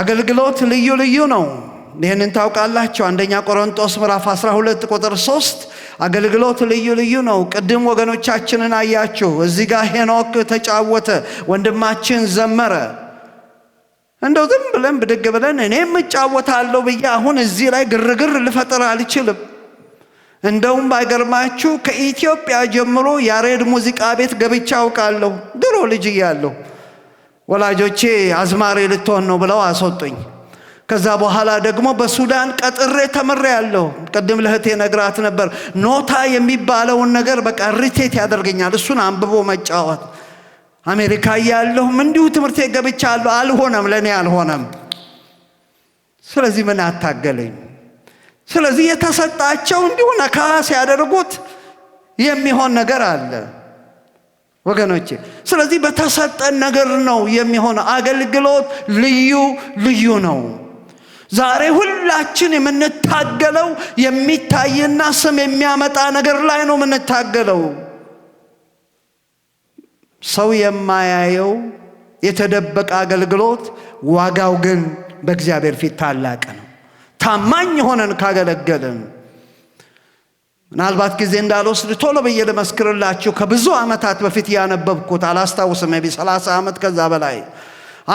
አገልግሎት ልዩ ልዩ ነው። ይህንን ታውቃላችሁ። አንደኛ ቆሮንጦስ ምዕራፍ 12 ቁጥር 3 አገልግሎት ልዩ ልዩ ነው። ቅድም ወገኖቻችንን አያችሁ። እዚህ ጋር ሄኖክ ተጫወተ፣ ወንድማችን ዘመረ። እንደው ዝም ብለን ብድግ ብለን እኔም እጫወታለሁ ብዬ አሁን እዚህ ላይ ግርግር ልፈጥር አልችልም። እንደውም ባይገርማችሁ ከኢትዮጵያ ጀምሮ ያሬድ ሙዚቃ ቤት ገብቻ አውቃለሁ ድሮ ልጅ እያለሁ ወላጆቼ አዝማሪ ልትሆን ነው ብለው አስወጡኝ። ከዛ በኋላ ደግሞ በሱዳን ቀጥሬ ተምሬ ያለው ቅድም ለእህቴ ነግራት ነበር። ኖታ የሚባለውን ነገር በቃ ሪቴት ያደርገኛል። እሱን አንብቦ መጫወት። አሜሪካ እያለሁም እንዲሁ ትምህርቴ ገብቻለሁ። አልሆነም፣ ለእኔ አልሆነም። ስለዚህ ምን አታገለኝ። ስለዚህ የተሰጣቸው እንዲሁ ነካ ሲያደርጉት የሚሆን ነገር አለ። ወገኖቼ ስለዚህ በተሰጠን ነገር ነው የሚሆነ አገልግሎት ልዩ ልዩ ነው። ዛሬ ሁላችን የምንታገለው የሚታይና ስም የሚያመጣ ነገር ላይ ነው የምንታገለው። ሰው የማያየው የተደበቀ አገልግሎት ዋጋው ግን በእግዚአብሔር ፊት ታላቅ ነው። ታማኝ ሆነን ካገለገልን ምናልባት ጊዜ እንዳልወስድ ቶሎ ብዬ ልመስክርላችሁ ከብዙ ዓመታት በፊት ያነበብኩት አላስታውስም፣ ቢ 30 ዓመት ከዛ በላይ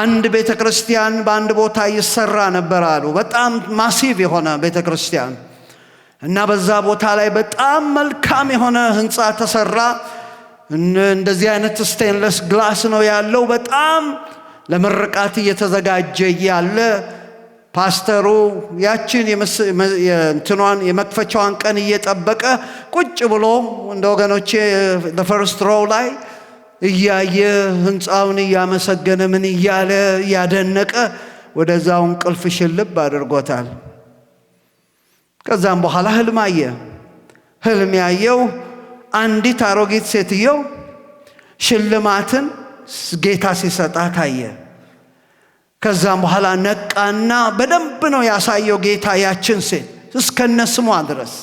አንድ ቤተ ክርስቲያን በአንድ ቦታ ይሰራ ነበር አሉ። በጣም ማሲቭ የሆነ ቤተ ክርስቲያን እና በዛ ቦታ ላይ በጣም መልካም የሆነ ህንፃ ተሰራ። እንደዚህ አይነት ስቴንለስ ግላስ ነው ያለው። በጣም ለምርቃት እየተዘጋጀ ያለ ፓስተሩ ያችን እንትኗን የመክፈቻዋን ቀን እየጠበቀ ቁጭ ብሎ እንደ ወገኖቼ ለፈርስት ሮው ላይ እያየ ህንፃውን እያመሰገነ ምን እያለ እያደነቀ ወደዛው እንቅልፍ ሽልብ አድርጎታል። ከዛም በኋላ ህልም አየ። ህልም ያየው አንዲት አሮጊት ሴትየው ሽልማትን ጌታ ሲሰጣት አየ። ከዛም በኋላ ነቃና በደንብ ነው ያሳየው ጌታ ያችን ሴት እስከነ ስሟ ድረስ።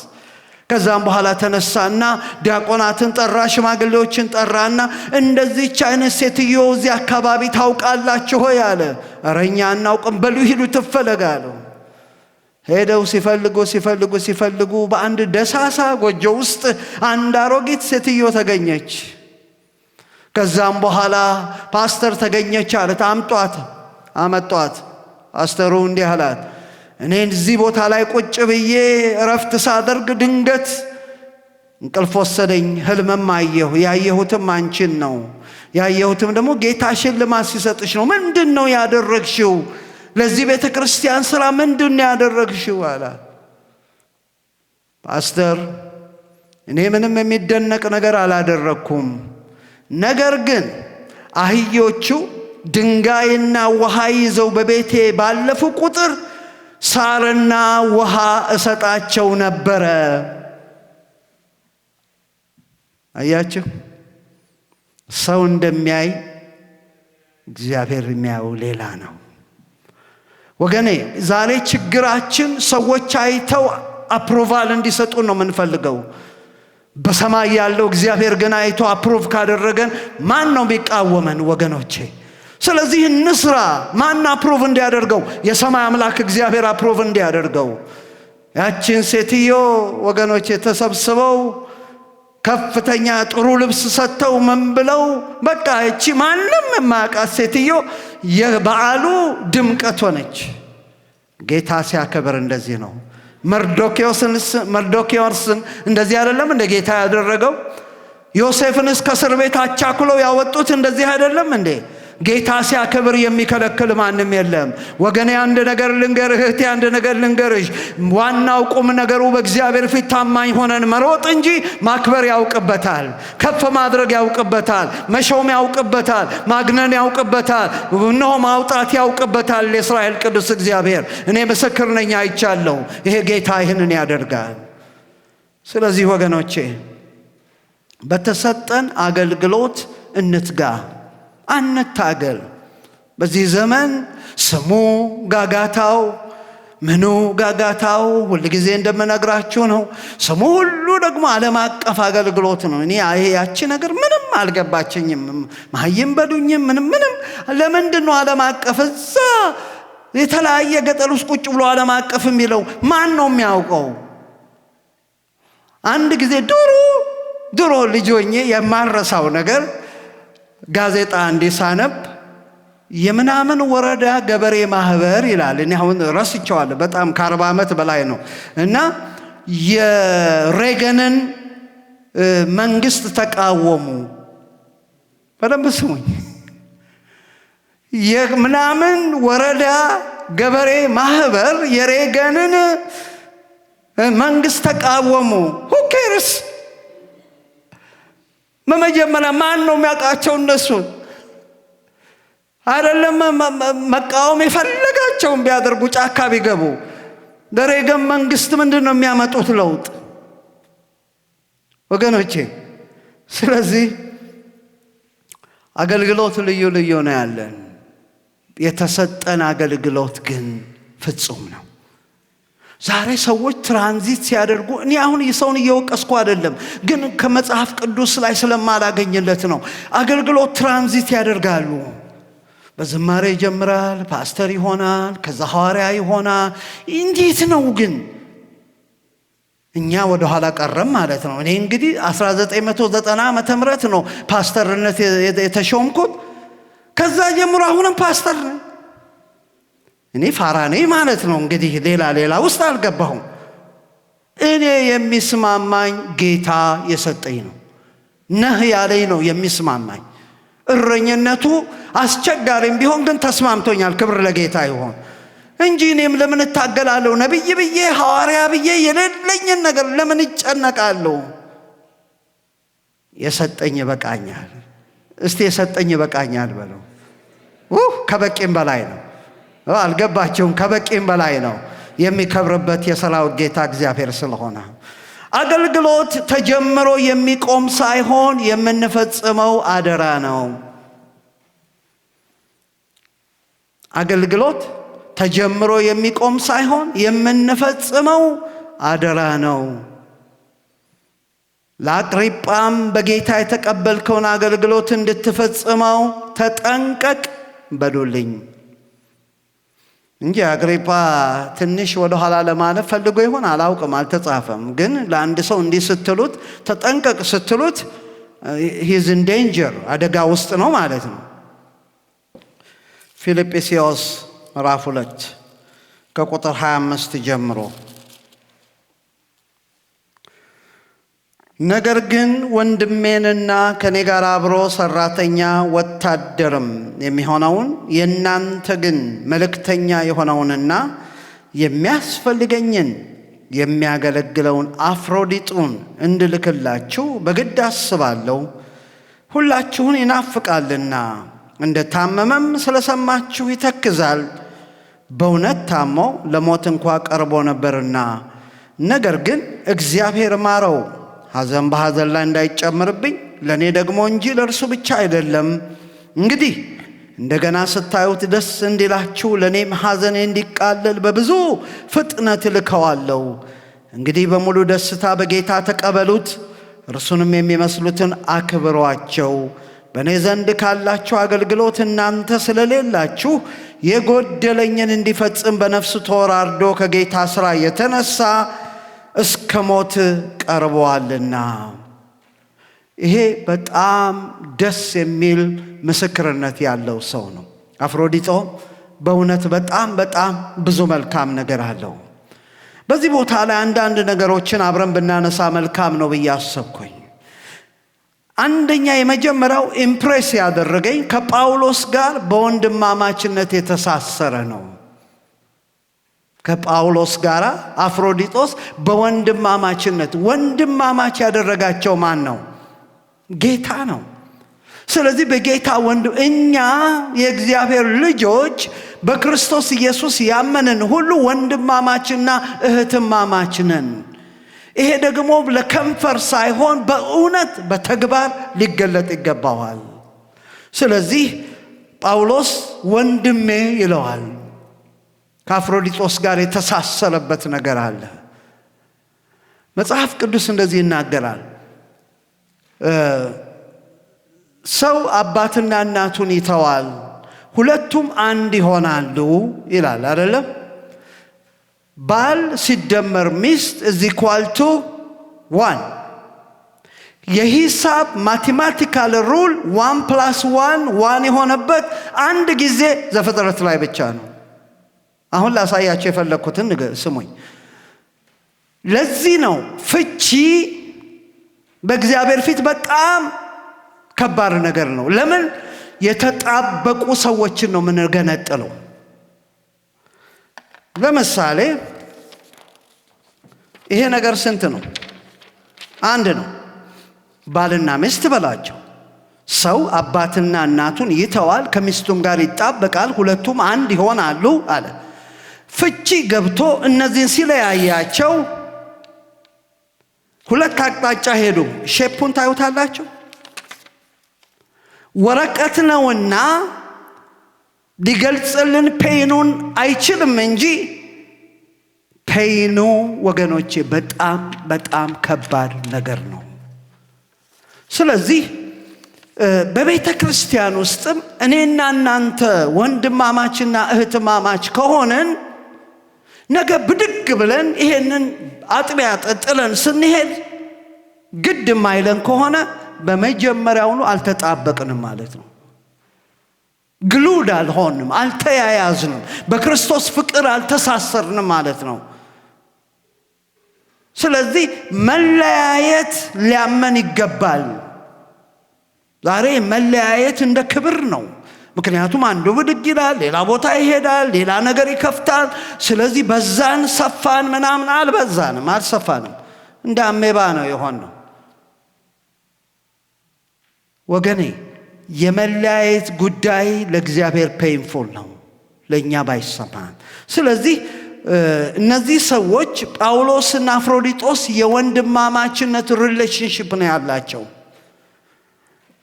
ከዛም በኋላ ተነሳና ዲያቆናትን ጠራ፣ ሽማግሌዎችን ጠራና እንደዚች አይነት ሴትዮ እዚህ አካባቢ ታውቃላችሁ ሆይ አለ። ኧረ እኛ አናውቅም፣ በሉ ሂዱ ትፈለጋለሁ። ሄደው ሲፈልጉ ሲፈልጉ ሲፈልጉ በአንድ ደሳሳ ጎጆ ውስጥ አንድ አሮጊት ሴትዮ ተገኘች። ከዛም በኋላ ፓስተር ተገኘች አለት አምጧት አመጧት። አስተሩ እንዲህ አላት፣ እኔ እዚህ ቦታ ላይ ቁጭ ብዬ እረፍት ሳደርግ ድንገት እንቅልፍ ወሰደኝ፣ ህልምም አየሁ። ያየሁትም አንቺን ነው። ያየሁትም ደግሞ ጌታ ሽልማት ሲሰጥሽ ነው። ምንድን ነው ያደረግሽው? ለዚህ ቤተ ክርስቲያን ሥራ ምንድን ነው ያደረግሽው? አላት። ፓስተር እኔ ምንም የሚደነቅ ነገር አላደረግኩም። ነገር ግን አህዮቹ ድንጋይና ውሃ ይዘው በቤቴ ባለፉ ቁጥር ሳርና ውሃ እሰጣቸው ነበረ። አያችሁ፣ ሰው እንደሚያይ እግዚአብሔር የሚያየው ሌላ ነው። ወገኔ ዛሬ ችግራችን ሰዎች አይተው አፕሮቫል እንዲሰጡ ነው የምንፈልገው። በሰማይ ያለው እግዚአብሔር ግን አይቶ አፕሮቭ ካደረገን ማን ነው የሚቃወመን? ወገኖቼ ስለዚህ እንስራ። ማና አፕሮቭ እንዲያደርገው? የሰማይ አምላክ እግዚአብሔር አፕሮቭ እንዲያደርገው። ያችን ሴትዮ ወገኖች የተሰብስበው ከፍተኛ ጥሩ ልብስ ሰጥተው ምን ብለው በቃ እቺ ማንም የማያውቃት ሴትዮ የበዓሉ ድምቀት ሆነች። ጌታ ሲያከብር እንደዚህ ነው። መርዶኪዎስን እንደዚህ አይደለም እንደ ጌታ ያደረገው? ዮሴፍን እስከ እስር ቤት አቻኩለው ያወጡት እንደዚህ አይደለም እንዴ? ጌታ ሲያከብር የሚከለክል ማንም የለም። ወገኔ አንድ ነገር ልንገርህ፣ እህቴ አንድ ነገር ልንገርሽ። ዋናው ቁም ነገሩ በእግዚአብሔር ፊት ታማኝ ሆነን መሮጥ እንጂ ማክበር ያውቅበታል፣ ከፍ ማድረግ ያውቅበታል፣ መሾም ያውቅበታል፣ ማግነን ያውቅበታል፣ እነሆ ማውጣት ያውቅበታል። የእስራኤል ቅዱስ እግዚአብሔር እኔ ምስክር ነኝ፣ አይቻለሁ። ይሄ ጌታ ይህንን ያደርጋል። ስለዚህ ወገኖቼ በተሰጠን አገልግሎት እንትጋ። አንታገል። በዚህ ዘመን ስሙ ጋጋታው ምኑ ጋጋታው፣ ሁልጊዜ እንደምነግራችሁ ነው። ስሙ ሁሉ ደግሞ ዓለም አቀፍ አገልግሎት ነው። እኔ ያቺ ነገር ምንም አልገባችኝም። ማይም በሉኝም ምንም ምንም። ለምንድን ነው ዓለም አቀፍ? እዛ የተለያየ ገጠል ውስጥ ቁጭ ብሎ ዓለም አቀፍ የሚለው ማን ነው የሚያውቀው? አንድ ጊዜ ድሮ ድሮ ልጆኜ የማረሳው ነገር ጋዜጣ እንዲሳነብ የምናምን ወረዳ ገበሬ ማህበር ይላል። እኔ አሁን ረስቸዋለሁ፣ በጣም ከአርባ ዓመት በላይ ነው እና የሬገንን መንግስት ተቃወሙ። በደንብ ስሙኝ። የምናምን ወረዳ ገበሬ ማህበር የሬገንን መንግስት ተቃወሙ። ሁኬርስ በመጀመሪያ ማን ነው የሚያውቃቸው እነሱን? አይደለም መቃወም የፈለጋቸውን ቢያደርጉ ጫካ ቢገቡ ደሬገን መንግስት ምንድን ነው የሚያመጡት ለውጥ? ወገኖቼ ስለዚህ አገልግሎት ልዩ ልዩ ነው ያለን። የተሰጠን አገልግሎት ግን ፍጹም ነው። ዛሬ ሰዎች ትራንዚት ሲያደርጉ እኔ አሁን ሰውን እየወቀስኩ አይደለም፣ ግን ከመጽሐፍ ቅዱስ ላይ ስለማላገኝለት ነው። አገልግሎት ትራንዚት ያደርጋሉ። በዝማሬ ይጀምራል፣ ፓስተር ይሆናል፣ ከዛ ሐዋርያ ይሆናል። እንዴት ነው ግን እኛ ወደ ኋላ ቀረም ማለት ነው። እኔ እንግዲህ 1990 ዓ ምህረት ነው ፓስተርነት የተሾምኩት። ከዛ ጀምሮ አሁንም ፓስተር እኔ ፋራ ነኝ ማለት ነው እንግዲህ ሌላ ሌላ ውስጥ አልገባሁም። እኔ የሚስማማኝ ጌታ የሰጠኝ ነው። ነህ ያለኝ ነው የሚስማማኝ። እረኝነቱ አስቸጋሪም ቢሆን ግን ተስማምቶኛል። ክብር ለጌታ ይሆን እንጂ እኔም ለምን እታገላለሁ? ነቢይ ብዬ ሐዋርያ ብዬ የሌለኝን ነገር ለምን ይጨነቃለሁ የሰጠኝ በቃኛል እስቲ የሰጠኝ በቃኛል በለው። ከበቂም በላይ ነው። አልገባቸውም። ከበቂም በላይ ነው የሚከብርበት የሰራዊት ጌታ እግዚአብሔር ስለሆነ አገልግሎት ተጀምሮ የሚቆም ሳይሆን የምንፈጽመው አደራ ነው። አገልግሎት ተጀምሮ የሚቆም ሳይሆን የምንፈጽመው አደራ ነው። ለአቅሪጳም በጌታ የተቀበልከውን አገልግሎት እንድትፈጽመው ተጠንቀቅ በሉልኝ። እንጂ አግሪጳ ትንሽ ወደ ኋላ ለማለፍ ፈልጎ ይሆን አላውቅም፣ አልተጻፈም። ግን ለአንድ ሰው እንዲህ ስትሉት ተጠንቀቅ ስትሉት ሂዝ ኢን ዴንጀር አደጋ ውስጥ ነው ማለት ነው። ፊልጵስዩስ ምዕራፍ ሁለት ከቁጥር 25 ጀምሮ ነገር ግን ወንድሜንና ከኔ ጋር አብሮ ሰራተኛ ወታደርም የሚሆነውን የእናንተ ግን መልእክተኛ የሆነውንና የሚያስፈልገኝን የሚያገለግለውን አፍሮዲጡን እንድልክላችሁ በግድ አስባለሁ። ሁላችሁን ይናፍቃልና እንደ ታመመም ስለሰማችሁ ይተክዛል። በእውነት ታሞ ለሞት እንኳ ቀርቦ ነበርና፣ ነገር ግን እግዚአብሔር ማረው ሐዘን በሐዘን ላይ እንዳይጨምርብኝ ለእኔ ደግሞ እንጂ ለእርሱ ብቻ አይደለም። እንግዲህ እንደገና ስታዩት ደስ እንዲላችሁ ለእኔም ሐዘኔ እንዲቃለል በብዙ ፍጥነት እልከዋለሁ። እንግዲህ በሙሉ ደስታ በጌታ ተቀበሉት፣ እርሱንም የሚመስሉትን አክብሯቸው። በእኔ ዘንድ ካላችሁ አገልግሎት እናንተ ስለሌላችሁ የጎደለኝን እንዲፈጽም በነፍሱ ተወራርዶ ከጌታ ሥራ የተነሳ እስከ ሞት ቀርበዋልና። ይሄ በጣም ደስ የሚል ምስክርነት ያለው ሰው ነው። አፍሮዲጦ በእውነት በጣም በጣም ብዙ መልካም ነገር አለው። በዚህ ቦታ ላይ አንዳንድ ነገሮችን አብረን ብናነሳ መልካም ነው ብዬ አሰብኩኝ። አንደኛ የመጀመሪያው ኢምፕሬስ ያደረገኝ ከጳውሎስ ጋር በወንድማማችነት የተሳሰረ ነው። ከጳውሎስ ጋር አፍሮዲጦስ በወንድማማችነት ወንድማማች ያደረጋቸው ማን ነው? ጌታ ነው። ስለዚህ በጌታ ወንድ እኛ የእግዚአብሔር ልጆች በክርስቶስ ኢየሱስ ያመንን ሁሉ ወንድማማችና እህትማማች ነን። ይሄ ደግሞ ለከንፈር ሳይሆን በእውነት በተግባር ሊገለጥ ይገባዋል። ስለዚህ ጳውሎስ ወንድሜ ይለዋል። ከአፍሮዲጦስ ጋር የተሳሰረበት ነገር አለ። መጽሐፍ ቅዱስ እንደዚህ ይናገራል። ሰው አባትና እናቱን ይተዋል፣ ሁለቱም አንድ ይሆናሉ ይላል አይደለም? ባል ሲደመር ሚስት እዚ ኳልቱ ዋን የሂሳብ ማቴማቲካል ሩል ዋን ፕላስ ዋን ዋን የሆነበት አንድ ጊዜ ዘፍጥረት ላይ ብቻ ነው። አሁን ላሳያቸው የፈለግኩትን ስሙኝ። ለዚህ ነው ፍቺ በእግዚአብሔር ፊት በጣም ከባድ ነገር ነው። ለምን የተጣበቁ ሰዎችን ነው የምንገነጥለው። ለምሳሌ ይሄ ነገር ስንት ነው? አንድ ነው። ባልና ሚስት በላቸው። ሰው አባትና እናቱን ይተዋል፣ ከሚስቱም ጋር ይጣበቃል፣ ሁለቱም አንድ ይሆናሉ አለ። ፍቺ ገብቶ እነዚህን ሲለያያቸው ሁለት አቅጣጫ ሄዱ። ሼፑን ታዩታላቸው። ወረቀት ነውና ሊገልጽልን ፔኑን አይችልም እንጂ ፔኑ ወገኖቼ በጣም በጣም ከባድ ነገር ነው። ስለዚህ በቤተ ክርስቲያን ውስጥም እኔና እናንተ ወንድማማችና እህትማማች ከሆንን ነገ ብድግ ብለን ይሄንን አጥቢያ ጥለን ስንሄድ ግድ ማይለን ከሆነ በመጀመሪያውኑ አልተጣበቅንም ማለት ነው። ግሉድ አልሆንም፣ አልተያያዝንም፣ በክርስቶስ ፍቅር አልተሳሰርንም ማለት ነው። ስለዚህ መለያየት ሊያመን ይገባል። ዛሬ መለያየት እንደ ክብር ነው። ምክንያቱም አንዱ ብድግ ይላል፣ ሌላ ቦታ ይሄዳል፣ ሌላ ነገር ይከፍታል። ስለዚህ በዛን ሰፋን ምናምን አልበዛንም፣ አልሰፋንም። እንደ አሜባ ነው የሆን ነው ወገኔ። የመለያየት ጉዳይ ለእግዚአብሔር ፔይንፉል ነው፣ ለእኛ ባይሰማን። ስለዚህ እነዚህ ሰዎች ጳውሎስና አፍሮዲጦስ የወንድማማችነት ሪሌሽንሽፕ ነው ያላቸው።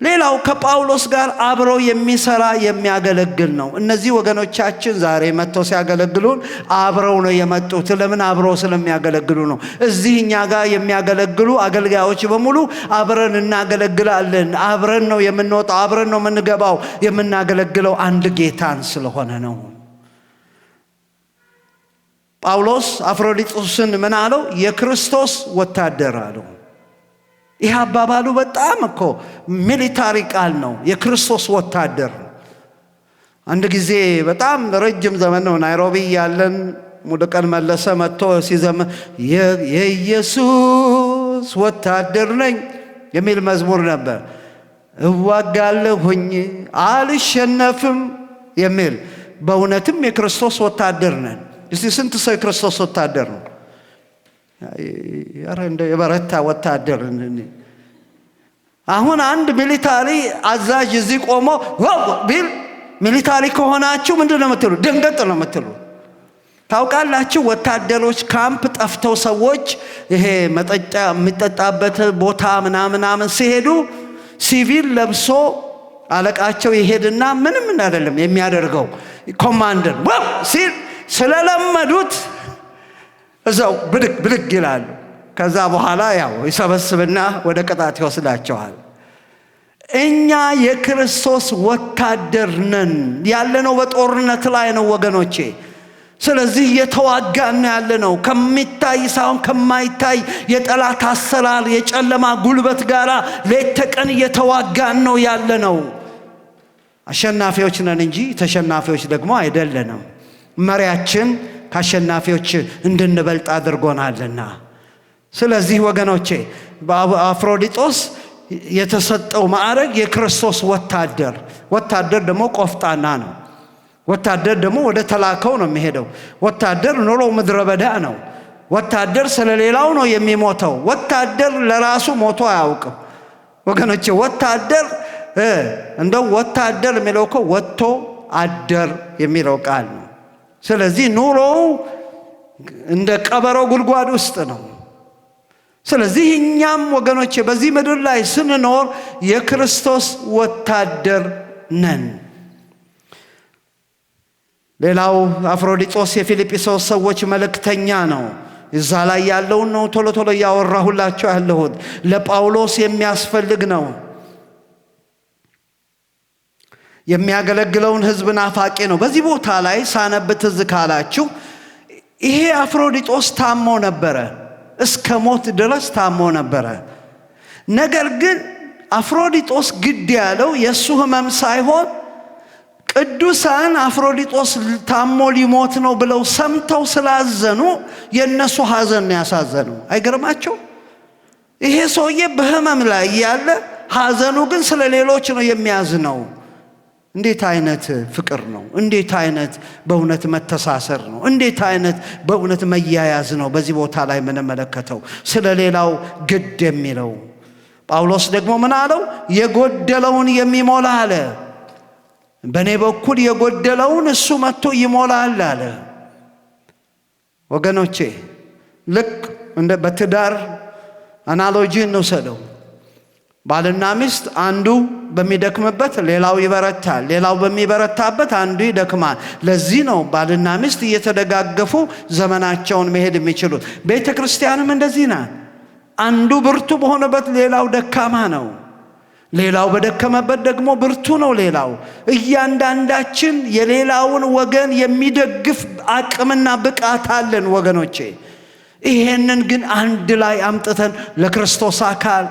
ሌላው ከጳውሎስ ጋር አብሮ የሚሰራ የሚያገለግል ነው። እነዚህ ወገኖቻችን ዛሬ መጥተው ሲያገለግሉን አብረው ነው የመጡት። ለምን? አብረው ስለሚያገለግሉ ነው። እዚህ እኛ ጋር የሚያገለግሉ አገልጋዮች በሙሉ አብረን እናገለግላለን። አብረን ነው የምንወጣው፣ አብረን ነው የምንገባው። የምናገለግለው አንድ ጌታን ስለሆነ ነው። ጳውሎስ አፍሮዲጡስን ምን አለው? የክርስቶስ ወታደር አለው። ይህ አባባሉ በጣም እኮ ሚሊታሪ ቃል ነው። የክርስቶስ ወታደር አንድ ጊዜ በጣም ረጅም ዘመን ነው ናይሮቢ ያለን ሙሉቀን መለሰ መጥቶ ሲዘመ የኢየሱስ ወታደር ነኝ የሚል መዝሙር ነበር። እዋጋለሁኝ አልሸነፍም የሚል በእውነትም የክርስቶስ ወታደር ነን። እስቲ ስንት ሰው የክርስቶስ ወታደር ነው? እንደ የበረታ ወታደር አሁን አንድ ሚሊታሪ አዛዥ እዚህ ቆሞ ቢል ሚሊታሪ ከሆናችሁ ምንድን ነው የምትሉ? ድንገጥ ነው የምትሉ። ታውቃላችሁ ወታደሮች ካምፕ ጠፍተው ሰዎች ይሄ መጠጫ የሚጠጣበት ቦታ ምናምናምን ሲሄዱ ሲቪል ለብሶ አለቃቸው ይሄድና ምንም አይደለም የሚያደርገው ኮማንደር ሲል ስለለመዱት እዛው ብድግ ብድግ ይላሉ። ከዛ በኋላ ያው ይሰበስብና ወደ ቅጣት ይወስዳቸዋል። እኛ የክርስቶስ ወታደር ነን። ያለነው በጦርነት ላይ ነው ወገኖቼ። ስለዚህ እየተዋጋን ያለነው ከሚታይ ሳይሆን ከማይታይ የጠላት አሰራር፣ የጨለማ ጉልበት ጋር ሌት ተቀን እየተዋጋን ነው ያለነው። አሸናፊዎች ነን እንጂ ተሸናፊዎች ደግሞ አይደለንም። መሪያችን ከአሸናፊዎች እንድንበልጥ አድርጎናልና። ስለዚህ ወገኖቼ በአፍሮዲጦስ የተሰጠው ማዕረግ የክርስቶስ ወታደር፣ ወታደር ደግሞ ቆፍጣና ነው። ወታደር ደግሞ ወደ ተላከው ነው የሚሄደው። ወታደር ኑሮ ምድረ በዳ ነው። ወታደር ስለ ሌላው ነው የሚሞተው። ወታደር ለራሱ ሞቶ አያውቅም ወገኖች ወታደር እንደው ወታደር የሚለው እኮ ወጥቶ አደር የሚለው ቃል ነው። ስለዚህ ኑሮው እንደ ቀበሮ ጉድጓድ ውስጥ ነው። ስለዚህ እኛም ወገኖቼ በዚህ ምድር ላይ ስንኖር የክርስቶስ ወታደር ነን። ሌላው አፍሮዲጦስ የፊልጵሶስ ሰዎች መልእክተኛ ነው። እዛ ላይ ያለውን ነው ቶሎ ቶሎ እያወራሁላቸው ያለሁት ለጳውሎስ የሚያስፈልግ ነው። የሚያገለግለውን ህዝብ ናፋቂ ነው። በዚህ ቦታ ላይ ሳነብ ትዝ ካላችሁ ይሄ አፍሮዲጦስ ታሞ ነበረ፣ እስከ ሞት ድረስ ታሞ ነበረ። ነገር ግን አፍሮዲጦስ ግድ ያለው የእሱ ህመም ሳይሆን ቅዱሳን አፍሮዲጦስ ታሞ ሊሞት ነው ብለው ሰምተው ስላዘኑ የእነሱ ሐዘን ያሳዘኑ። ያሳዘነው። አይገርማቸው? ይሄ ሰውዬ በህመም ላይ ያለ ሐዘኑ ግን ስለ ሌሎች ነው የሚያዝነው። እንዴት አይነት ፍቅር ነው! እንዴት አይነት በእውነት መተሳሰር ነው! እንዴት አይነት በእውነት መያያዝ ነው! በዚህ ቦታ ላይ የምንመለከተው ስለ ሌላው ግድ የሚለው ጳውሎስ ደግሞ ምን አለው? የጎደለውን የሚሞላ አለ። በእኔ በኩል የጎደለውን እሱ መጥቶ ይሞላል አለ። ወገኖቼ ልክ እንደ በትዳር አናሎጂ እንውሰደው ባልና ሚስት አንዱ በሚደክምበት ሌላው ይበረታል፣ ሌላው በሚበረታበት አንዱ ይደክማል። ለዚህ ነው ባልና ሚስት እየተደጋገፉ ዘመናቸውን መሄድ የሚችሉት። ቤተ ክርስቲያንም እንደዚህ ናት። አንዱ ብርቱ በሆነበት ሌላው ደካማ ነው። ሌላው በደከመበት ደግሞ ብርቱ ነው። ሌላው እያንዳንዳችን የሌላውን ወገን የሚደግፍ አቅምና ብቃት አለን ወገኖቼ። ይሄንን ግን አንድ ላይ አምጥተን ለክርስቶስ አካል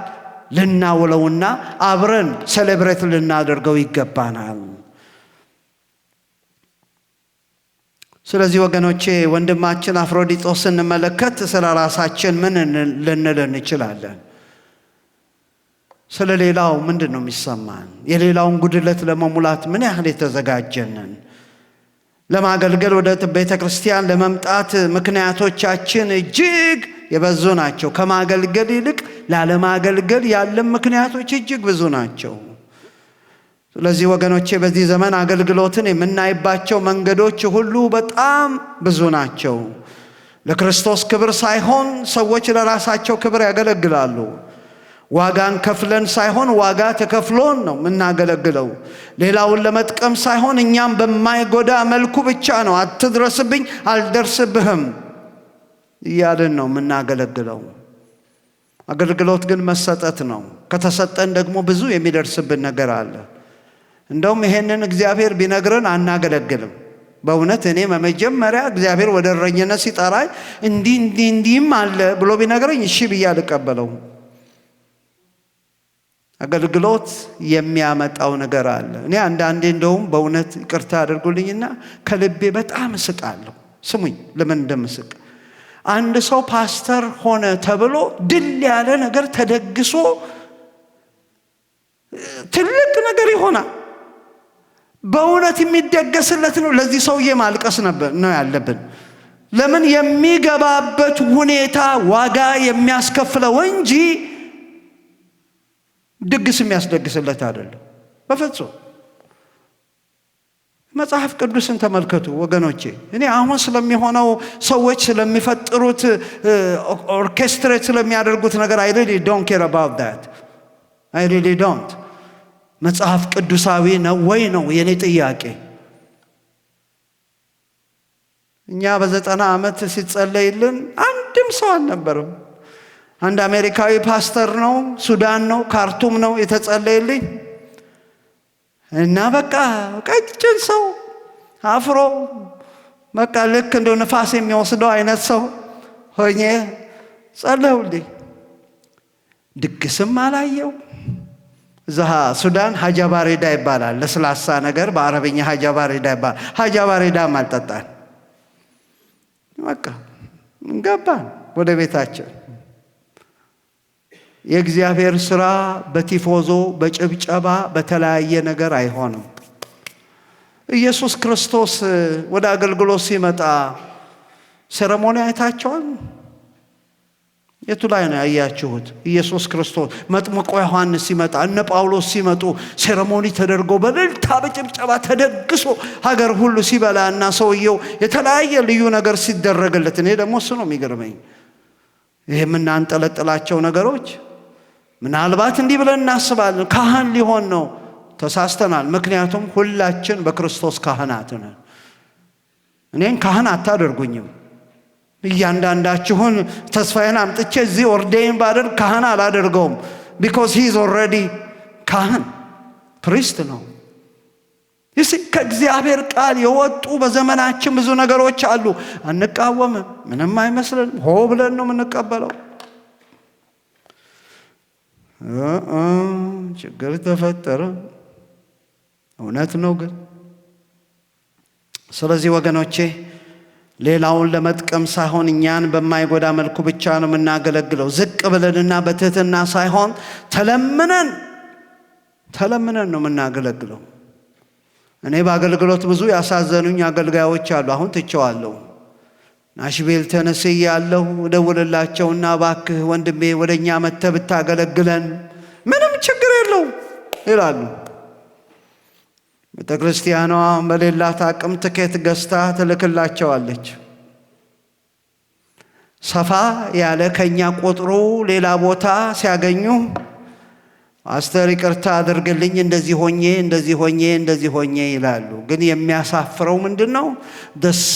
ልናውለውና አብረን ሴሌብሬት ልናደርገው ይገባናል። ስለዚህ ወገኖቼ ወንድማችን አፍሮዲጦስ ስንመለከት ስለ ራሳችን ምን ልንል እንችላለን? ስለ ሌላው ምንድን ነው የሚሰማን? የሌላውን ጉድለት ለመሙላት ምን ያህል የተዘጋጀንን? ለማገልገል ወደ ቤተ ክርስቲያን ለመምጣት ምክንያቶቻችን እጅግ የበዙ ናቸው። ከማገልገል ይልቅ ላለማገልገል ያለን ምክንያቶች እጅግ ብዙ ናቸው። ስለዚህ ወገኖቼ በዚህ ዘመን አገልግሎትን የምናይባቸው መንገዶች ሁሉ በጣም ብዙ ናቸው። ለክርስቶስ ክብር ሳይሆን ሰዎች ለራሳቸው ክብር ያገለግላሉ። ዋጋን ከፍለን ሳይሆን ዋጋ ተከፍሎን ነው የምናገለግለው። ሌላውን ለመጥቀም ሳይሆን እኛም በማይጎዳ መልኩ ብቻ ነው። አትድረስብኝ፣ አልደርስብህም እያልን ነው የምናገለግለው። አገልግሎት ግን መሰጠት ነው። ከተሰጠን ደግሞ ብዙ የሚደርስብን ነገር አለ። እንደውም ይሄንን እግዚአብሔር ቢነግረን አናገለግልም። በእውነት እኔ በመጀመሪያ እግዚአብሔር ወደ እረኝነት ሲጠራኝ እንዲህ እንዲህ እንዲህም አለ ብሎ ቢነግረኝ እሺ ብዬ አልቀበለው። አገልግሎት የሚያመጣው ነገር አለ። እኔ አንዳንዴ እንደውም በእውነት ይቅርታ አድርጉልኝና ከልቤ በጣም እስቃለሁ። ስሙኝ ለምን እንደምስቅ አንድ ሰው ፓስተር ሆነ ተብሎ ድል ያለ ነገር ተደግሶ ትልቅ ነገር ይሆናል። በእውነት የሚደገስለት ነው። ለዚህ ሰውዬ ማልቀስ ነው ያለብን። ለምን የሚገባበት ሁኔታ ዋጋ የሚያስከፍለው እንጂ ድግስ የሚያስደግስለት አይደለም በፍጹም። መጽሐፍ ቅዱስን ተመልከቱ ወገኖቼ። እኔ አሁን ስለሚሆነው ሰዎች ስለሚፈጥሩት ኦርኬስትሬት ስለሚያደርጉት ነገር አይ ሪሊ ዶንት ኬር አባውት ዳት አይ ሪሊ ዶንት። መጽሐፍ ቅዱሳዊ ነው ወይ ነው የኔ ጥያቄ። እኛ በዘጠና ዓመት ሲጸለይልን አንድም ሰው አልነበረም። አንድ አሜሪካዊ ፓስተር ነው፣ ሱዳን ነው፣ ካርቱም ነው የተጸለይልኝ እና በቃ ቀጭን ሰው አፍሮ በቃ ልክ እንደ ንፋስ የሚወስደው አይነት ሰው ሆኜ ጸለሁልኝ። ድግስም አላየው። እዛ ሱዳን ሀጃ ባሬዳ ይባላል። ለስላሳ ነገር በአረብኛ ሀጃ ባሬዳ ይባላል። ሀጃ ባሬዳም አልጠጣን። በቃ እንገባን ወደ ቤታችን። የእግዚአብሔር ስራ በቲፎዞ በጭብጨባ በተለያየ ነገር አይሆንም። ኢየሱስ ክርስቶስ ወደ አገልግሎት ሲመጣ ሴረሞኒ አይታቸዋል። የቱ ላይ ነው ያያችሁት? ኢየሱስ ክርስቶስ መጥምቆ ዮሐንስ ሲመጣ እነ ጳውሎስ ሲመጡ ሴረሞኒ ተደርጎ በልልታ በጭብጨባ ተደግሶ ሀገር ሁሉ ሲበላ እና ሰውየው የተለያየ ልዩ ነገር ሲደረግለት፣ እኔ ደግሞ እሱ ነው የሚገርመኝ። ይህ የምናንጠለጥላቸው ነገሮች ምናልባት እንዲህ ብለን እናስባለን፣ ካህን ሊሆን ነው። ተሳስተናል። ምክንያቱም ሁላችን በክርስቶስ ካህናት ነን። እኔን ካህን አታደርጉኝም። እያንዳንዳችሁን ተስፋዬን አምጥቼ እዚህ ኦርዴን ባደርግ ካህን አላደርገውም። ቢኮዝ ሂዝ ኦረዲ ኦልሬዲ ካህን ፕሪስት ነው። ይስ ከእግዚአብሔር ቃል የወጡ በዘመናችን ብዙ ነገሮች አሉ። አንቃወምም፣ ምንም አይመስልንም። ሆ ብለን ነው የምንቀበለው። ችግር ተፈጠረ። እውነት ነው ግን ስለዚህ ወገኖቼ ሌላውን ለመጥቀም ሳይሆን እኛን በማይጎዳ መልኩ ብቻ ነው የምናገለግለው። ዝቅ ብለንና በትህትና ሳይሆን ተለምነን ተለምነን ነው የምናገለግለው። እኔ በአገልግሎት ብዙ ያሳዘኑኝ አገልጋዮች አሉ። አሁን ትቸዋለሁ። ናሽቤል ተነስ እያለሁ እደውልላቸውና እባክህ ወንድሜ ወደ እኛ መጥተህ ብታገለግለን ምንም ችግር የለው ይላሉ። ቤተ ክርስቲያኗ በሌላት አቅም ትኬት ገዝታ ትልክላቸዋለች። ሰፋ ያለ ከእኛ ቆጥሮ ሌላ ቦታ ሲያገኙ አስተር ይቅርታ አድርግልኝ እንደዚህ ሆኜ እንደዚህ ሆኜ እንደዚህ ሆኜ ይላሉ። ግን የሚያሳፍረው ምንድን ነው?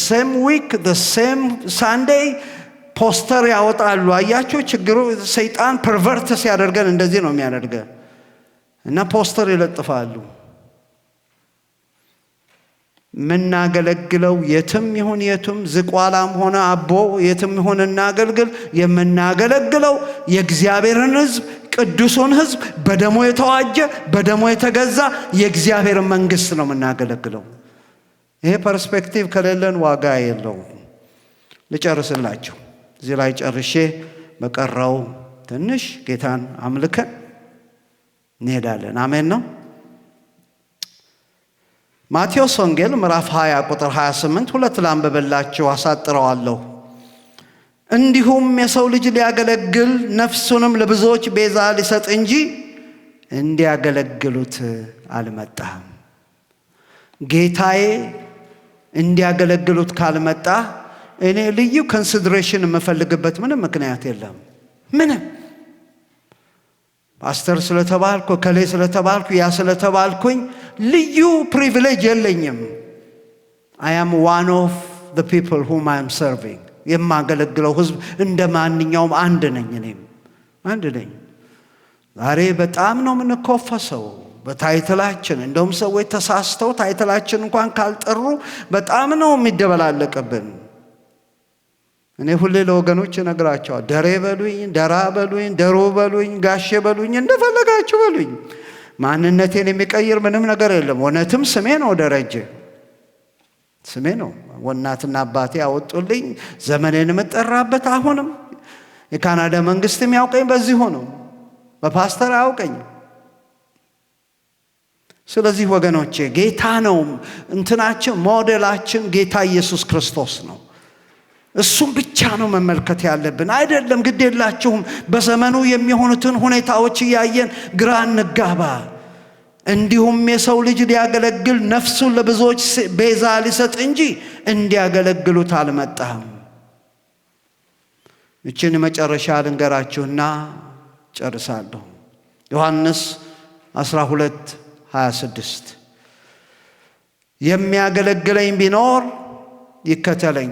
ሴም ዊክ ሴም ሳንዴይ ፖስተር ያወጣሉ። አያቸው ችግሩ ሰይጣን ፐርቨርት ሲያደርገን እንደዚህ ነው የሚያደርገን እና ፖስተር ይለጥፋሉ። የምናገለግለው የትም ይሁን የቱም ዝቋላም ሆነ አቦ የትም ይሁን እናገልግል፣ የምናገለግለው የእግዚአብሔርን ህዝብ ቅዱሱን ህዝብ በደሞ የተዋጀ በደሞ የተገዛ የእግዚአብሔር መንግስት ነው የምናገለግለው። ይሄ ፐርስፔክቲቭ ከሌለን ዋጋ የለው ልጨርስላቸው እዚህ ላይ ጨርሼ በቀረው ትንሽ ጌታን አምልከን እንሄዳለን። አሜን ነው። ማቴዎስ ወንጌል ምዕራፍ 20 ቁጥር 28 ሁለት ላንብብላችሁ አሳጥረዋለሁ። እንዲሁም የሰው ልጅ ሊያገለግል ነፍሱንም ለብዙዎች ቤዛ ሊሰጥ እንጂ እንዲያገለግሉት አልመጣም። ጌታዬ እንዲያገለግሉት ካልመጣ እኔ ልዩ ኮንሲድሬሽን የምፈልግበት ምንም ምክንያት የለም። ምንም ፓስተር ስለተባልኩ ከሌ ስለተባልኩ ያ ስለተባልኩኝ ልዩ ፕሪቪሌጅ የለኝም። አያም ዋን ኦፍ ዘ ፒፕል ሁም አም ሰርቪንግ የማገለግለው ህዝብ እንደ ማንኛውም አንድ ነኝ። እኔም አንድ ነኝ። ዛሬ በጣም ነው የምንኮፈሰው በታይትላችን። እንደውም ሰዎች ተሳስተው ታይትላችን እንኳን ካልጠሩ በጣም ነው የሚደበላለቅብን። እኔ ሁሌ ለወገኖች ነግራቸዋል ደሬ በሉኝ፣ ደራ በሉኝ፣ ደሮ በሉኝ፣ ጋሼ በሉኝ፣ እንደፈለጋችሁ በሉኝ። ማንነቴን የሚቀይር ምንም ነገር የለም። እውነትም ስሜ ነው ደረጀ፣ ስሜ ነው ወናትና አባቴ ያወጡልኝ፣ ዘመኔን የምጠራበት። አሁንም የካናዳ መንግስት የሚያውቀኝ በዚሁ ሆኖ በፓስተር አያውቀኝ። ስለዚህ ወገኖቼ ጌታ ነው እንትናችን፣ ሞዴላችን ጌታ ኢየሱስ ክርስቶስ ነው። እሱም ብቻ ነው መመልከት ያለብን አይደለም። ግድ የላችሁም በዘመኑ የሚሆኑትን ሁኔታዎች እያየን ግራ እንጋባ። እንዲሁም የሰው ልጅ ሊያገለግል ነፍሱን ለብዙዎች ቤዛ ሊሰጥ እንጂ እንዲያገለግሉት አልመጣም። ይችን መጨረሻ ልንገራችሁና ጨርሳለሁ። ዮሐንስ 12 26 የሚያገለግለኝ ቢኖር ይከተለኝ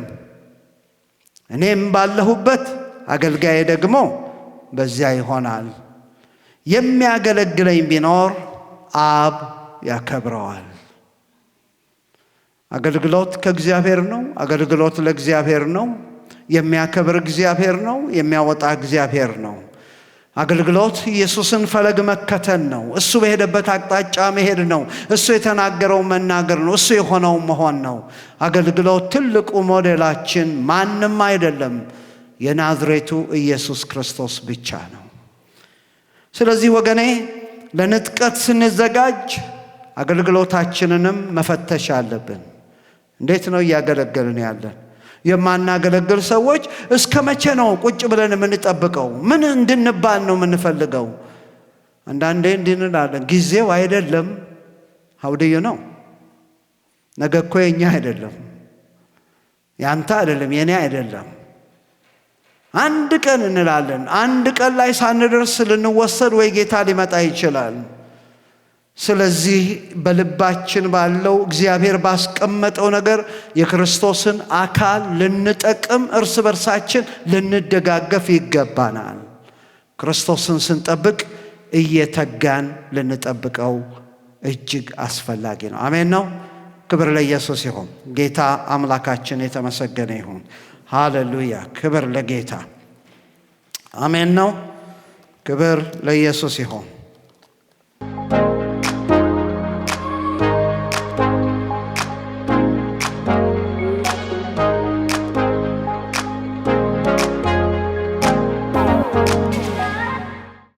እኔም ባለሁበት አገልጋዬ ደግሞ በዚያ ይሆናል። የሚያገለግለኝ ቢኖር አብ ያከብረዋል። አገልግሎት ከእግዚአብሔር ነው። አገልግሎት ለእግዚአብሔር ነው። የሚያከብር እግዚአብሔር ነው። የሚያወጣ እግዚአብሔር ነው። አገልግሎት ኢየሱስን ፈለግ መከተል ነው። እሱ በሄደበት አቅጣጫ መሄድ ነው። እሱ የተናገረው መናገር ነው። እሱ የሆነው መሆን ነው። አገልግሎት ትልቁ ሞዴላችን ማንም አይደለም፣ የናዝሬቱ ኢየሱስ ክርስቶስ ብቻ ነው። ስለዚህ ወገኔ ለንጥቀት ስንዘጋጅ አገልግሎታችንንም መፈተሽ አለብን። እንዴት ነው እያገለገልን ያለን? የማናገለግል ሰዎች እስከ መቼ ነው ቁጭ ብለን የምንጠብቀው? ምን እንድንባል ነው የምንፈልገው? አንዳንዴ እንድንላለን እንላለን፣ ጊዜው አይደለም ሀውድዩ ነው። ነገ እኮ የኛ አይደለም፣ ያንተ አይደለም፣ የኔ አይደለም። አንድ ቀን እንላለን። አንድ ቀን ላይ ሳንደርስ ልንወሰድ ወይ ጌታ ሊመጣ ይችላል። ስለዚህ በልባችን ባለው እግዚአብሔር ባስቀመጠው ነገር የክርስቶስን አካል ልንጠቅም፣ እርስ በርሳችን ልንደጋገፍ ይገባናል። ክርስቶስን ስንጠብቅ እየተጋን ልንጠብቀው እጅግ አስፈላጊ ነው። አሜን ነው። ክብር ለኢየሱስ ይሁን። ጌታ አምላካችን የተመሰገነ ይሁን። ሃሌሉያ። ክብር ለጌታ። አሜን ነው። ክብር ለኢየሱስ ይሁን።